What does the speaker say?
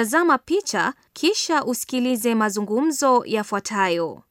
Tazama picha kisha usikilize mazungumzo yafuatayo.